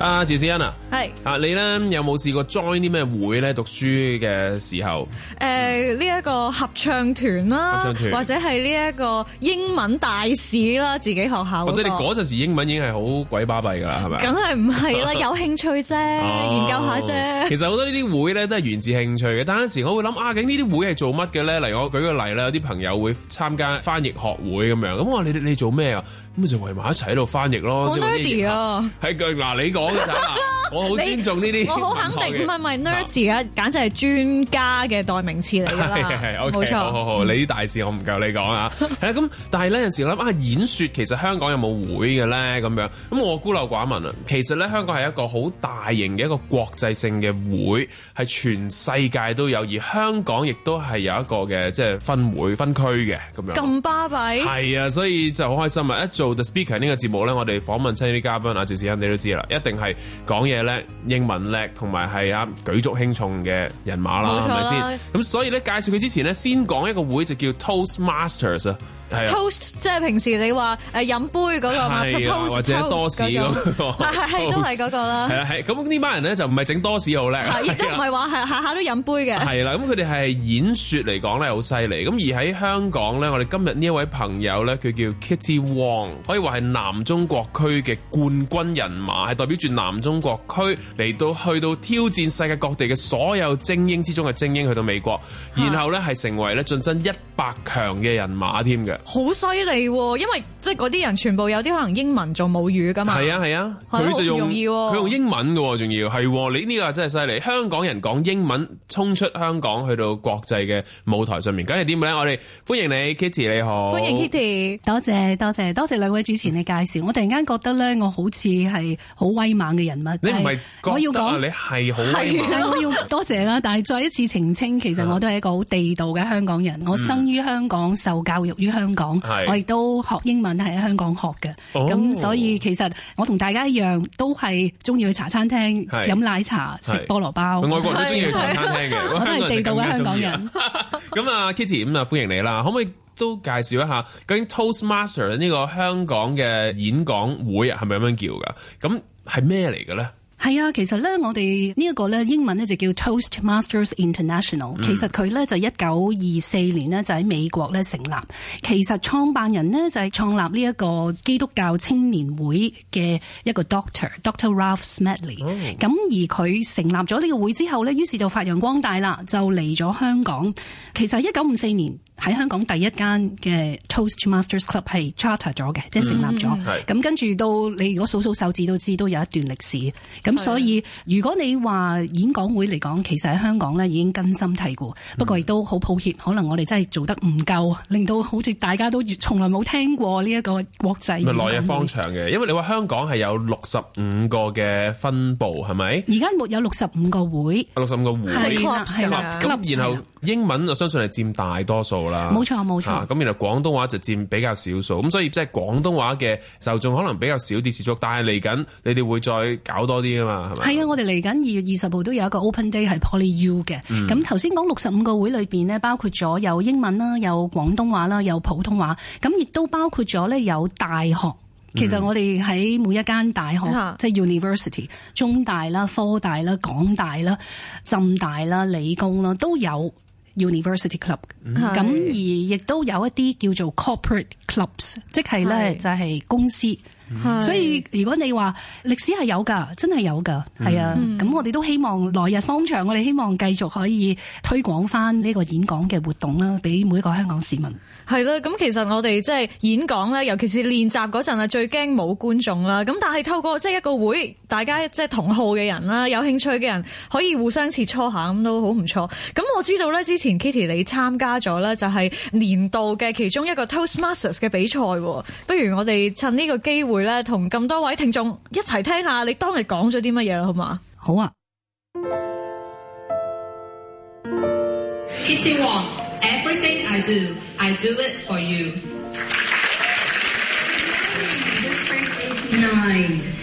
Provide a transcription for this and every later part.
啊趙詩欣啊，係啊，啊你咧有冇試過 join 啲咩會咧？讀書嘅時候，誒呢一個合唱團啦、啊，或者係呢一個英文大使啦、啊，自己學校、那個，或者你嗰陣時候英文已經係好鬼巴閉噶啦，係咪？梗係唔係啦，有興趣啫、哦，研究一下啫。其實好多這些呢啲會咧都係源自興趣嘅，但係嗰陣時我會諗啊，究竟呢啲會係做乜嘅咧？嚟，我舉個例啦，有啲朋友會參加翻譯學會咁樣，咁、啊、話你你做咩啊？咁咪就圍埋一齊喺度翻譯咯。好得意啊，係嗱你講。 我好尊重呢啲，我好肯定唔係唔係 nerds 啊，簡直係專家嘅代名詞嚟噶啦，係係，冇錯，好好好， 你啲大事我唔夠你講啊，係 啦， 咁但係呢，有陣時諗啊，演說其實香港有冇會嘅咧咁樣，咁我孤陋寡聞啊，其實咧香港係一個好大型嘅一個國際性嘅會，係全世界都有，而香港亦都係有一個嘅即係分會分區嘅咁樣，咁巴閉，係啊，所以就好開心啊，一做 the speaker 呢個節目咧，我哋訪問親啲嘉賓啊，趙子欣你都知啦，一定。係講嘢叻，英文叻，同埋係啊舉足輕重嘅人馬啦，係咪先？咁所以咧介紹佢之前咧，先講一個會就叫 Toastmasters 啊。Toast 即係平時你話誒、呃、飲杯嗰、那個，啊 Toast、或者多士嗰、那個，係 都係嗰個啦。係啊咁呢、啊、班人咧就唔係整多士好叻，亦、啊啊啊、都唔係話下下都飲杯嘅。係啦、啊，咁佢哋係演說嚟講咧好犀利。咁而喺香港咧，我哋今日呢一位朋友咧，佢叫 Kitty Wong，可以話係南中國區嘅冠軍人馬，係代表住南中國區嚟到去到挑戰世界各地嘅所有精英之中嘅精英去到美國，然後咧係 成為咧晉身一百強嘅人馬添嘅。好犀利喎，因為，即係嗰啲人，全部有啲可能英文做母語噶嘛？係啊係啊，佢、啊啊、就用佢、啊、用英文喎，仲要係、啊。你呢個真係犀利！香港人講英文，衝出香港去到國際嘅舞台上面，梗係點嘅咧？我哋歡迎你，Kitty，你好，歡迎 Kitty，多謝多謝多謝兩位主持你介紹。我突然間覺得咧，我好似係好威猛嘅人物。你唔係我要講，你係好威猛。我要， 我要多謝啦，但係再一次澄清，其實我都係一個好地道嘅香港人。我生於香港、嗯，受教育於香港，我亦都學英文。係喺香港學嘅，咁、oh. 所以其實我同大家一樣，都係中意去茶餐廳飲奶茶、食菠蘿包。外國人都中意去茶餐廳嘅， 我香港地道嘅香港人。咁 啊，Kitty，咁啊，歡迎你啦！可唔可以都介紹一下究竟 Toastmaster 呢個香港嘅演講會係咪咁樣叫噶？咁係咩嚟嘅咧？係啊，其實咧，我哋呢一個咧，英文咧就叫 Toastmasters International、嗯。其實佢咧就一九二四年咧就喺美國咧成立。其實創辦人呢就係創立呢一個基督教青年會嘅一個 Doctor、mm. Doctor Ralph Smedley 咁、嗯、而佢成立咗呢個會之後咧，於是就發揚光大啦，就嚟咗香港。其實一九五四年。喺香港第一間嘅 Toastmasters Club 係 charter 咗嘅，即係成立咗。咁、嗯嗯、跟住到你如果數數手指都知，都有一段歷史。咁、嗯、所以如果你話演講會嚟講，其實喺香港咧已經根深蒂固。不過亦都好抱歉、嗯，可能我哋真係做得唔夠，令到好似大家都從來冇聽過呢一個國際。咪來日方長嘅，因為你話香港係有六十五個嘅分部，係咪？而家冇有六十五個會。六十五個會正確係啊。係 Clubs，係 Clubs，係 Clubs，然後英文我相信係佔大多數。冇錯冇錯，咁原來廣東話就佔比較少數，咁所以即係廣東話嘅受眾可能比較少啲接觸，但係嚟緊你哋會再搞多啲啊嘛，係咪？係啊，我哋嚟緊二月二十號都有一個 Open Day 係 Poly U 嘅，咁頭先講六十五個會裏面呢，包括咗有英文啦，有廣東話啦，有普通話，咁亦都包括咗咧有大學，其實我哋喺每一間大學，即係、就是、University，中大啦、科大啦、港大啦、浸大啦、理工啦都有。University Club，咁、嗯、而亦都有一啲叫做 Corporate Clubs，即係咧就係公司。所以如果你話歷史係有噶，真係有噶，係、嗯、啊。咁、嗯、我哋都希望來日方長，我哋希望繼續可以推廣翻呢個演講嘅活動啦，俾每一個香港市民。係啦，咁其實我哋即係演講咧，尤其是練習嗰陣啊，最驚冇觀眾啦。咁但係透過即係一個會。大家即係同好嘅人啦，有興趣嘅人可以互相切磋下，咁都好唔錯。咁我知道咧，之前 Kitty 你參加咗咧，就係年度嘅其中一個 Toastmasters 嘅比賽。不如我哋趁呢個機會咧，同咁多位聽眾一齊聽下你當日講咗啲乜嘢啦，好嗎？好啊。Kitty Wong，Everything I do, I do it for you. This is Frankie's nine.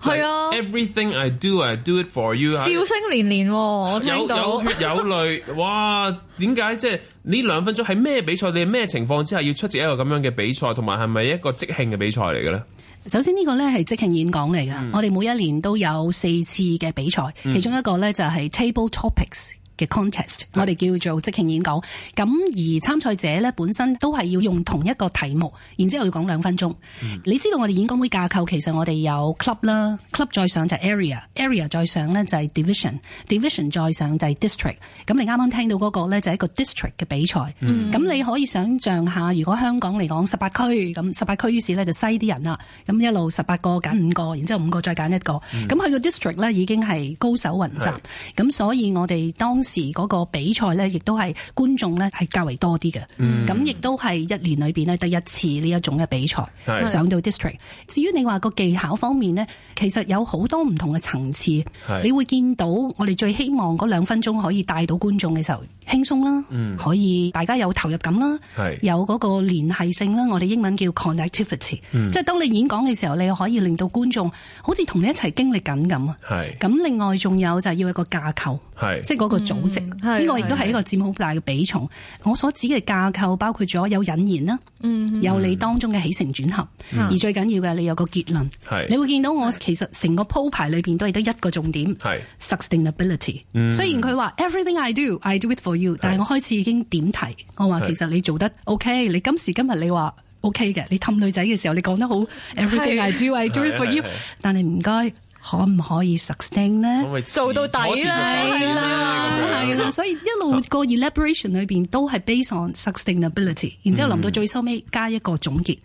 係、就是、啊，Everything I do, I do it for you。笑聲連連、啊，我聽到有有血有淚。 哇，點解即係呢兩分鐘係咩比賽？你係咩情況之下要出席一個咁樣嘅比賽？同埋係咪一個即興嘅比賽嚟嘅咧？首先呢個咧係即興演講嚟噶我哋每一年都有四次嘅比賽，其中一個咧就係 table topics。嘅 contest，我哋叫做即興演講，咁而參賽者咧本身都係要用同一個題目，然之後要講兩分鐘、嗯。你知道我哋演講會架構，其實我哋有 club 啦，club 再上就 area，area 再 area 上咧就係 division，division 再上就係 district。咁你啱啱聽到個咧就係一個 district 嘅比賽。咁、嗯、你可以想象下，如果香港嚟講十八區，咁十八區於是咧就篩啲人啦。咁一路十八個揀五個，然之後五個再揀一個，咁去到 district 咧已經係高手雲集。咁所以我哋當時時、那、嗰個比賽呢，亦都係觀眾呢，係較為多啲嘅。咁、嗯、亦都係一年裏面呢，第一次呢一種嘅比賽上到 district。至於你話個技巧方面呢，其實有好多唔同嘅層次。你會見到我哋最希望嗰兩分鐘可以帶到觀眾嘅時候，輕鬆啦、嗯，可以大家有投入感啦，有嗰個聯繫性啦。我哋英文叫 connectivity、嗯、即係當你演講嘅時候，你可以令到觀眾好似同你一齊經歷緊咁啊。咁另外仲有就係要一個架構，即係嗰個呢、嗯，這個亦都係一個佔好大嘅比重。我所指嘅架構包括咗有引言啦、嗯嗯，有你當中嘅起承轉合、嗯，而最緊要嘅你有個結論。係你會見到我其實成個鋪排裏邊都係得一個重點，係 sustainability。雖然佢話 everything I do I do it for you，但係我開始已經點題。我話其實你做得 OK，你今時今日你話 OK 嘅，你氹女仔嘅時候你講得好 everything I do I do it for you，但係唔該。可唔可以 sustain 呢？可唔可以做到底啦，係啦，係啦，所以一路個 elaboration 裏邊都係 based on sustainability，、啊、然之後臨到最收尾加一個總結，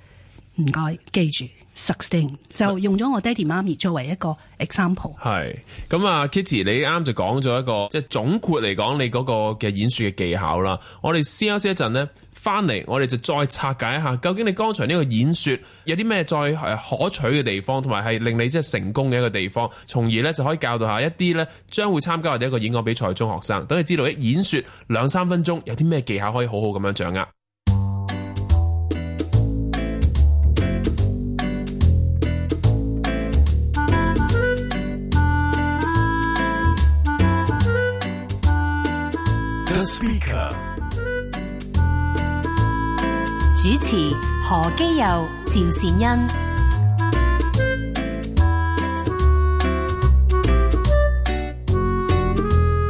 唔、嗯、該記住。s u 就用咗我爹哋媽咪作為一個 example。係咁啊，Kitty，你啱就講咗一個即係總括嚟講你嗰個嘅演説嘅技巧啦。我哋休息一陣呢，翻嚟，我哋就再拆解一下，究竟你剛才呢個演説有啲咩再係可取嘅地方，同埋係令你即係成功嘅一個地方，從而呢，就可以教導一下一啲呢將會參加我哋一個演講比賽嘅中學生，等你知道一演説兩三分鐘有啲咩技巧可以好好咁樣掌握。Speaker。主持：何基佑、趙善恩。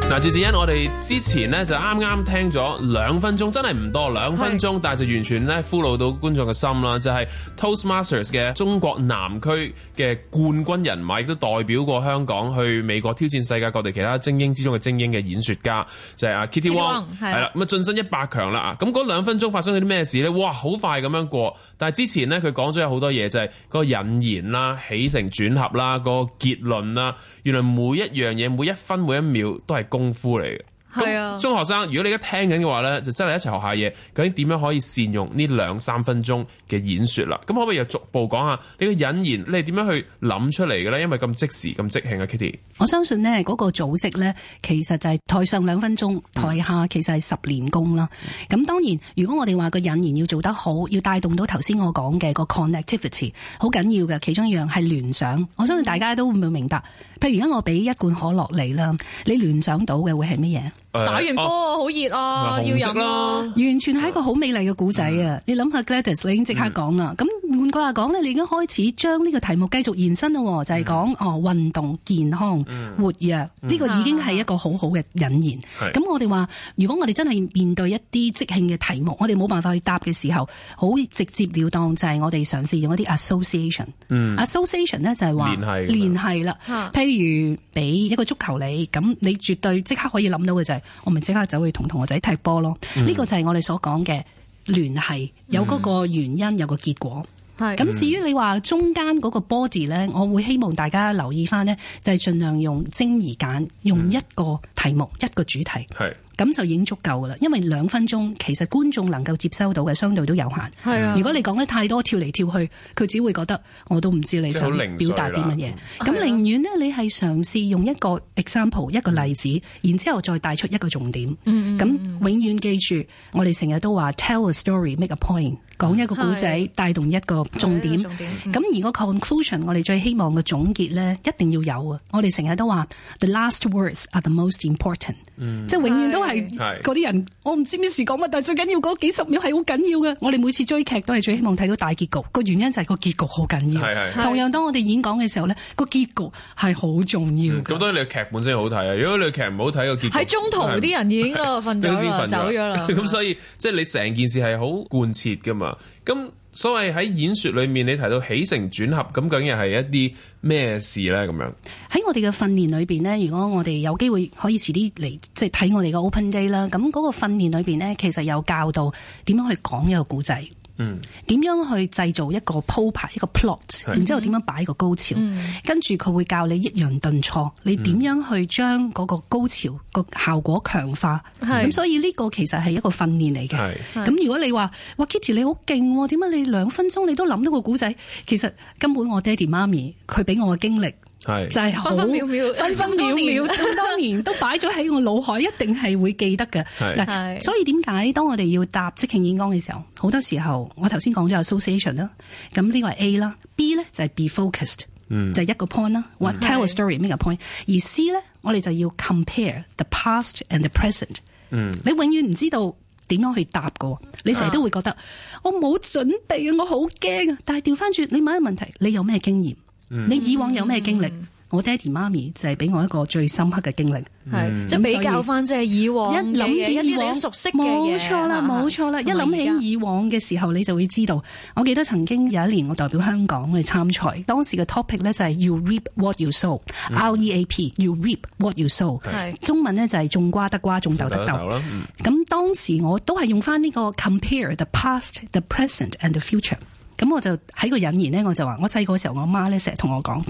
嗱、啊，自持我哋之前咧就啱啱聽咗兩分鐘，真係唔多兩分鐘，但係就完全咧俘虜到觀眾嘅心啦，就係、是、Toastmasters 嘅中國南區嘅冠軍人馬，亦都代表過香港去美國挑戰世界各地其他精英之中嘅精英嘅演說家，就係、是、阿 Kitty Wong 係啦，咁啊晉身一百強啦啊，咁嗰兩分鐘發生咗啲咩事咧？哇，好快咁樣過。但係之前咧，佢講咗有好多嘢，就係個引言啦、起承轉合啦、個結論啦，原來每一樣嘢、每一分、每一秒都係功夫嚟嘅。係啊，中學生，如果你而家聽緊嘅話咧，就真係一齊學下嘢，究竟點樣可以善用呢兩三分鐘嘅演說啦？咁可唔可以又逐步講下你個引言？你係點樣去諗出嚟嘅咧？因為咁即時、咁即興啊，Kitty，我相信呢嗰個組織咧，其實就係台上兩分鐘，台下其實係十年功啦。咁當然，如果我哋話個引言要做得好，要帶動到頭先我講嘅個 connectivity 好緊要嘅，其中一樣係聯想。我相信大家都會唔會明白？譬如而家我俾一罐可樂你啦，你聯想到嘅會係乜嘢？打完波好熱啊，要飲啊，完全係一個好美麗嘅古仔啊！嗯、你諗下，Gladys，你已經即刻講啦。咁、嗯、換句話講咧，你已經開始將呢個題目繼續延伸咯，就係、是、講、嗯、哦運動、健康、嗯、活躍，呢、嗯這個已經係一個好好嘅引言。咁、嗯嗯、我哋話，如果我哋真係面對一啲即興嘅題目，我哋冇辦法去答嘅時候，好直接了當就係我哋嘗試用一啲 association。嗯，association 咧就係話聯繫聯繫啦。譬如俾一個足球你，咁你絕對即刻可以諗到嘅就係、是。我咪即刻走去同同學仔踢波咯。呢、嗯這個就係我哋所講嘅聯繫，有嗰個原因，有個結果。係、嗯、咁至於你話中間嗰個 body 咧，我會希望大家留意返呢，就係、是、盡量用精而簡，用一個題目，嗯、一個主題係。咁就已經足夠㗎啦，因為兩分鐘其實觀眾能夠接收到嘅相對都有限。啊，如果你講得太多跳嚟跳去，佢只會覺得我都唔知你想表達啲乜嘢。咁、嗯、寧願呢，你係嘗試用一個 example、啊、一個例子，然之後再帶出一個重點。咁、嗯、永遠記住，我哋成日都話 tell a story make a point，講一個故仔、啊、帶動一個重點。咁、啊啊、而個 conclusion、嗯、我哋最希望嘅總結呢，一定要有啊！我哋成日都話 the last words are the most important，、嗯、即係永遠都。係嗰啲人，我唔知咩事講乜，但係最緊要嗰幾十秒係好緊要嘅。我哋每次追劇都係最希望睇到大結局，個原因就係個結局好緊要。係係。同樣當我哋演講嘅時候咧，個結局係好重要嘅。咁當然你劇本先好睇啊，如果你劇唔好睇，個結局喺中途啲人已經瞓咗啦，走咗啦。咁 所以即係、就是、你成件事係好貫徹噶嘛。咁所以謂喺演說裏面，你提到起承轉合，咁究竟又係一啲咩事咧？咁樣喺我哋嘅訓練裏邊呢，如果我哋有機會可以遲啲嚟，即係睇我哋嘅 Open Day 啦，咁嗰個訓練裏邊呢，其實有教導點樣去講一個故仔。嗯，點樣去製造一個鋪排，一個 plot，然之後點樣擺個高潮，嗯、跟住佢會教你抑揚頓挫，你點樣去將個高潮個效果強化，咁、嗯、所以呢個其實係一個訓練嚟嘅。咁如果你話，哇 Kitty 你好勁，點解你兩分鐘你都諗到個古仔？其實根本我爹哋媽咪佢俾我嘅經歷。就係、是、分分秒秒、 分分秒秒、當 當年都擺咗喺我腦海，一定係會記得嘅。嗱， 所以點解當我哋要答即興演講嘅時候，好多時候我頭先講咗 association 啦，咁呢個係 A 啦，B 咧就係 be focused、嗯、就係、是、一個 point 啦、嗯。What tell a story？咩個 point？而 C 咧，我哋就要 compare the past and the present、嗯。你永遠唔知道點樣去答嘅、嗯，你成日都會覺得我冇準備啊，我好驚啊！但係調返轉，你問一問題，你有咩經驗？嗯、你以往有咩經歷、嗯？我爹哋媽咪就係俾我一個最深刻嘅經歷，係即係比較翻即係以往嘅一啲你熟悉嘅，冇錯啦，冇錯啦。一諗起以往嘅、嗯、時候，你就會知道。我記得曾經有一年，我代表香港去參賽，當時嘅 topic 咧就係 You reap what you sow，R E A P，you reap what you sow，,、嗯 R-E-A-P, you reap what you sow 嗯、中文咧就係種瓜得瓜，種豆得豆咁、嗯、當時我都係用翻呢個 compare the past，the present and the future。咁我就喺個引言咧，我就話：我細個時候，我媽咧成日同我講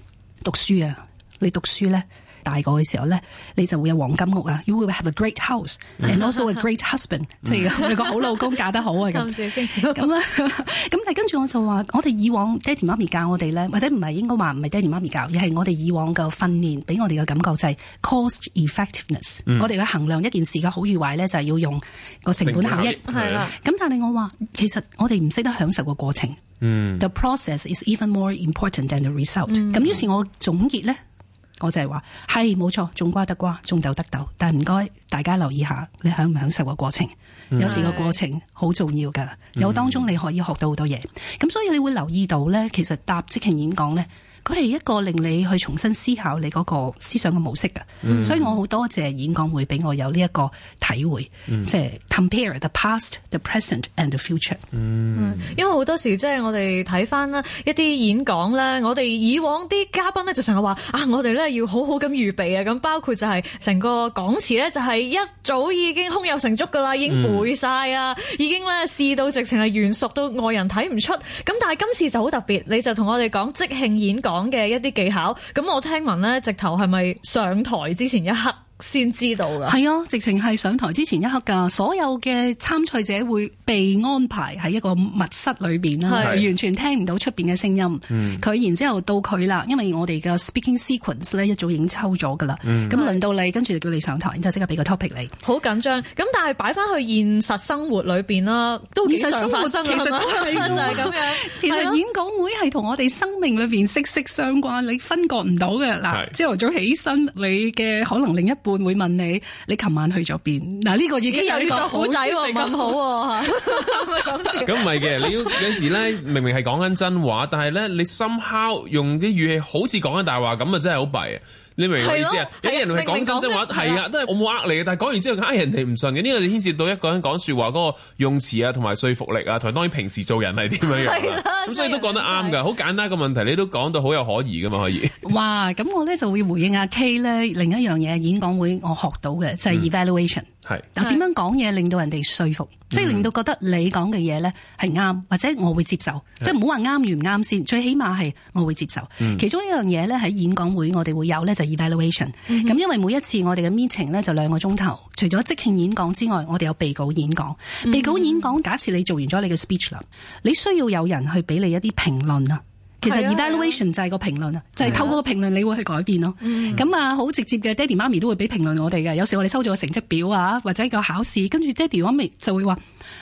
讀書啊，你讀書咧，大個嘅時候咧，你就會有黃金屋啊、You、，will have a great house and also a great husband，即係有個好老公嫁得好啊咁。咁 啦，咁、嗯嗯、 但係跟住我就話，我哋以往爹哋媽咪教我哋咧，或者唔係應該話唔係爹哋媽咪教，而係我哋以往嘅訓練，俾我哋嘅感覺就係 cost effectiveness，、嗯、我哋去衡量一件事嘅好與壞咧，就係、是、要用個成本效益係啦。咁但係我話，其實我哋唔識得享受個過程。The process is even more important than the result。咁於是我總結咧，我就係話，係冇錯，種瓜得瓜，種豆得豆，但唔該大家留意下，你享唔享受個過，過程？Mm-hmm. 有時個過程好重要噶，有當中你可以學到好多嘢。咁、mm-hmm. 所以你會留意到咧，其實答即興演講咧。佢係一個令你去重新思考你個思想嘅模式嘅，所以我好多謝演講會俾我有呢一個體會，即係 compare the past, the present and the future。嗯，因為好多時即係、就是、我哋睇翻啦一啲演講咧，我哋以往啲嘉賓咧就成日話啊，我哋咧要好好咁預備啊，咁包括就係成個講詞咧就係一早已經胸有成竹噶啦，已經背晒啊，已經咧試到直情係完熟到外人睇唔出。咁但係今次就好特別，你就同我哋講即興演講。講嘅一啲技巧，咁我聽聞咧，直頭，係咪上台之前一刻？先知道噶，係啊，直情係上台之前一刻噶，所有嘅參賽者會被安排喺一個密室裏邊啦，就完全聽唔到出邊嘅聲音。佢、嗯、然之後到佢啦，因為我哋嘅 speaking sequence 咧一早已經抽咗噶啦，咁、嗯、輪到你，跟住就叫你上台，然之後即刻俾個 topic 你，好緊張。咁但係擺翻去現實生活裏邊啦，現實生活，其實都係咁樣。其 實演講會係同我哋生命裏邊息息相關，你分割唔到嘅。嗱，朝頭早起身，你嘅可能另一。半會問你，你琴晚去咗邊？嗱、啊、呢、這個已經個好、啊哎、有啲作古仔喎、啊，唔咁好喎嚇。咁唔係嘅，你要有時咧，明明係講緊真話，但係咧，你心口用啲語氣好似講緊大話咁啊，真係好弊啊！你明我意思啊？的有啲人會講真真話，係啊，都係我冇呃你嘅。但係講完之後，唉，人哋唔信嘅，呢個就牽涉到一個人講說話嗰個用詞啊，同埋說服力啊，同埋當然平時做人係點樣樣。咁的所以都講得啱噶，好簡單嘅問題，你都講到好有可疑噶嘛，可以。哇，咁我咧就會回應阿 K 咧，另一樣嘢演講會我學到嘅就係 evaluation。嗯係嗱，點樣講嘢令到人哋說服，即係令到覺得你講嘅嘢咧係啱，mm-hmm. 或者我會接受，即係唔好話啱與唔啱先，最起碼係我會接受。Mm-hmm. 其中一樣嘢咧，喺演講會我哋會有咧就 evaluation。咁、mm-hmm. 因為每一次我哋嘅 meeting 咧就兩個鐘頭，除咗即興演講之外，我哋有備稿演講。備、mm-hmm. 稿演講，假設你做完咗你嘅 speech 啦，你需要有人去俾你一啲評論。其實 evaluation 就係個評論啊，就係、是啊就是、透過個評論你會去改變咯。咁啊，好直接嘅，爹哋媽咪都會俾評論我哋嘅。有時我哋收咗個成績表啊，或者個考試，跟住爹哋媽咪就會話：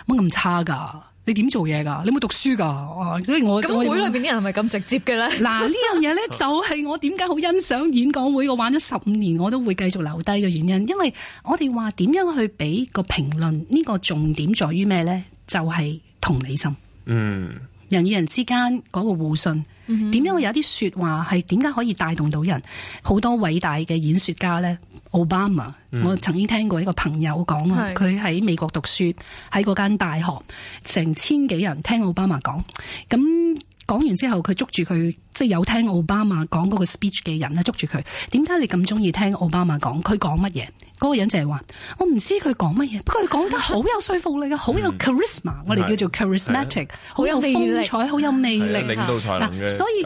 乜咁差噶，你點做嘢噶？你冇讀書噶、啊？所以我咁會，會裏邊啲人係咪咁直接嘅咧？嗱，呢樣嘢咧就係我點解好欣賞演講會。我玩咗十五年，我都會繼續留低嘅原因，因為我哋話點樣去俾個評論。呢、這個重點在於咩咧？就係、是、同理心。嗯，人與人之間嗰個互信。點樣有啲說話係點解可以帶動到人？好多偉大嘅演說家咧，奧巴馬，我曾經聽過一個朋友講啊，佢喺美國讀書，喺嗰間大學成千幾人聽奧巴馬講，咁講完之後佢捉住佢，即係有聽奧巴馬講嗰個 speech 嘅人咧捉住佢，點解你咁中意聽奧巴馬講？佢講乜嘢？嗰、那個、人就係話，我唔知佢講乜嘢，不過佢講得好有說服力啊，好、嗯、有 charisma，我哋叫做 charismatic，好有風采，好有魅力。魅力啊啊、領導才能嘅感覺，所以、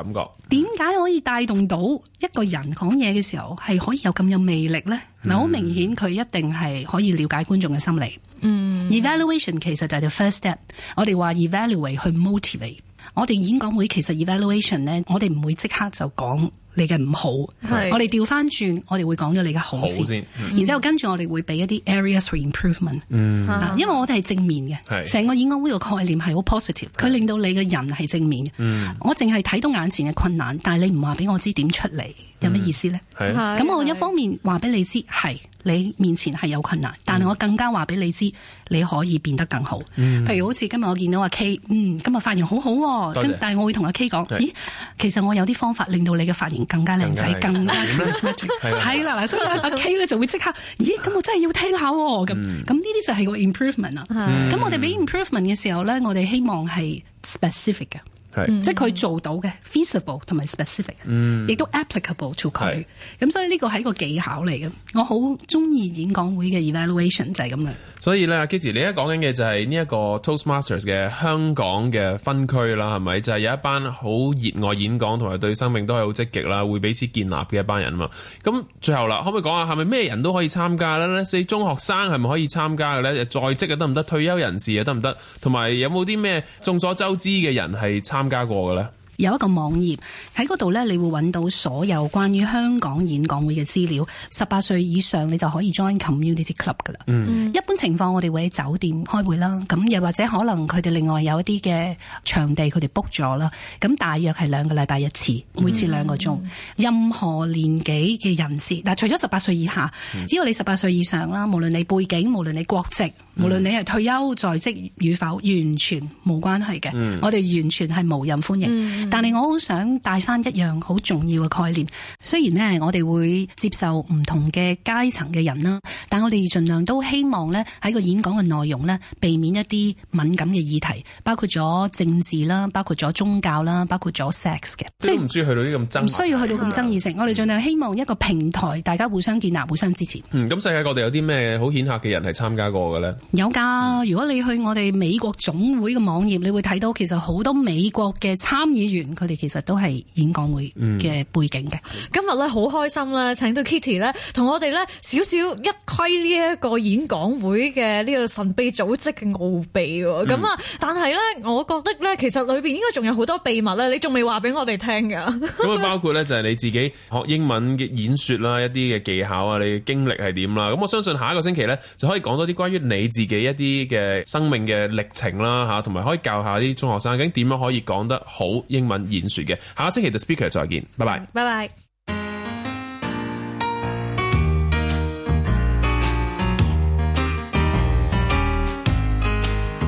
點、啊、解、嗯、可以帶動到一個人講嘢嘅時候係可以有咁有魅力咧？嗱、嗯，好明顯佢一定係可以了解觀眾嘅心理。嗯，evaluation 其實就係 the first step。我哋話 evaluate 去 motivate。我哋演講會其實 evaluation 咧，我哋唔會即刻就講。你嘅唔好，我哋調翻轉，我哋會講咗你嘅好事先、嗯，然之後跟住我哋會俾一啲 areas for improvement。嗯，因為我哋係正面嘅，成個演講會個概念係好 positive，佢令到你嘅人係正面嘅。我淨係睇到眼前嘅困難，但係你唔話俾我知點出嚟，有咩意思咧？係、嗯，咁我一方面話俾你知係。你面前係有困難，但係我更加話俾你知，你可以變得更好。嗯、譬如好似今日我見到阿 K，嗯，今日髮型好好、啊，但係我會同阿 K 講，咦，其實我有啲方法令到你嘅髮型更加靚仔，更加係啦，嗱、 uh, 所以阿 K 咧就會即刻，咦，咁我真係要聽一下喎、啊，咁咁呢啲就係個 improvement 啦。咁、嗯、我哋俾 improvement 嘅時候咧，我哋希望係 specific 嘅。是即係佢做到嘅、嗯、feasible 同埋 specific，、嗯、亦都 applicable to 佢。咁所以呢個係一個技巧嚟嘅。我好中意演講會嘅 evaluation 就係咁樣。所以咧，阿 Kitty，你而家講緊嘅就係呢一個 Toastmasters 嘅香港嘅分區啦，係咪？就係、是、有一班好熱愛演講同埋對生命都係好積極啦，會彼此建立嘅一班人啊嘛。咁最後啦，可唔可以講下係咪咩人都可以參加呢？咧，中學生係咪可以參加嘅呢？在職嘅得唔得？退休人士啊得唔得？同埋有冇啲咩眾所周知嘅人係參加呢？加過嘅咧，有一個網頁喺嗰度咧，在那裡你會揾到所有關於香港演講會嘅資料。十八歲以上你就可以 join community club 噶啦。嗯，一般情況我哋會喺酒店開會啦，咁又或者可能佢哋另外有一啲嘅場地佢哋 book 咗啦。咁大約係兩個禮拜一次，每次兩個鐘，嗯。任何年紀嘅人士，嗱，除咗十八歲以下，只要你十八歲以上啦，無論你背景，無論你國籍。無論你係退休在職與否，完全冇關係嘅、嗯，我哋完全係無任歡迎。嗯、但係我好想帶翻一樣好重要嘅概念，雖然呢，我哋會接受唔同嘅階層嘅人啦，但我哋盡量都希望呢，喺個演講嘅內容呢，避免一啲敏感嘅議題，包括咗政治啦，包括咗宗教啦，包括咗 sex 嘅，即係唔需要去到啲咁爭，唔需要去到咁爭，爭議性。嗯、我哋盡量希望一個平台，大家互相建立，互相支持。咁、嗯、世界各地有啲咩好顯赫嘅人係參加過嘅咧？有噶，如果你去我哋美國總會嘅網頁，你會睇到其實好多美國嘅參議員，佢哋其實都係演講會嘅背景嘅、嗯。今日咧好開心啦！請到 Kitty 咧同我哋咧少少一窺呢一個演講會嘅呢個神秘組織嘅奧秘喎。咁、嗯、啊，但係咧，我覺得咧，其實裏面應該仲有好多秘密咧，你仲未話俾我哋聽㗎。咁啊，包括咧就係你自己學英文嘅演說啦，一啲嘅技巧啊，你嘅經歷係點啦？咁我相信下一個星期咧就可以講多啲關於你。自己一啲嘅生命嘅歷程啦嚇，同埋可以教一下啲中學生，究竟點樣可以講得好英文演說嘅？下個星期 The Speaker 再見，嗯，拜拜，拜拜。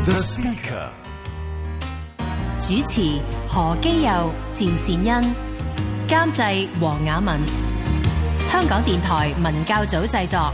The Speaker 主持何基佑、詹善恩，監製黃雅文，香港電台文教組製作。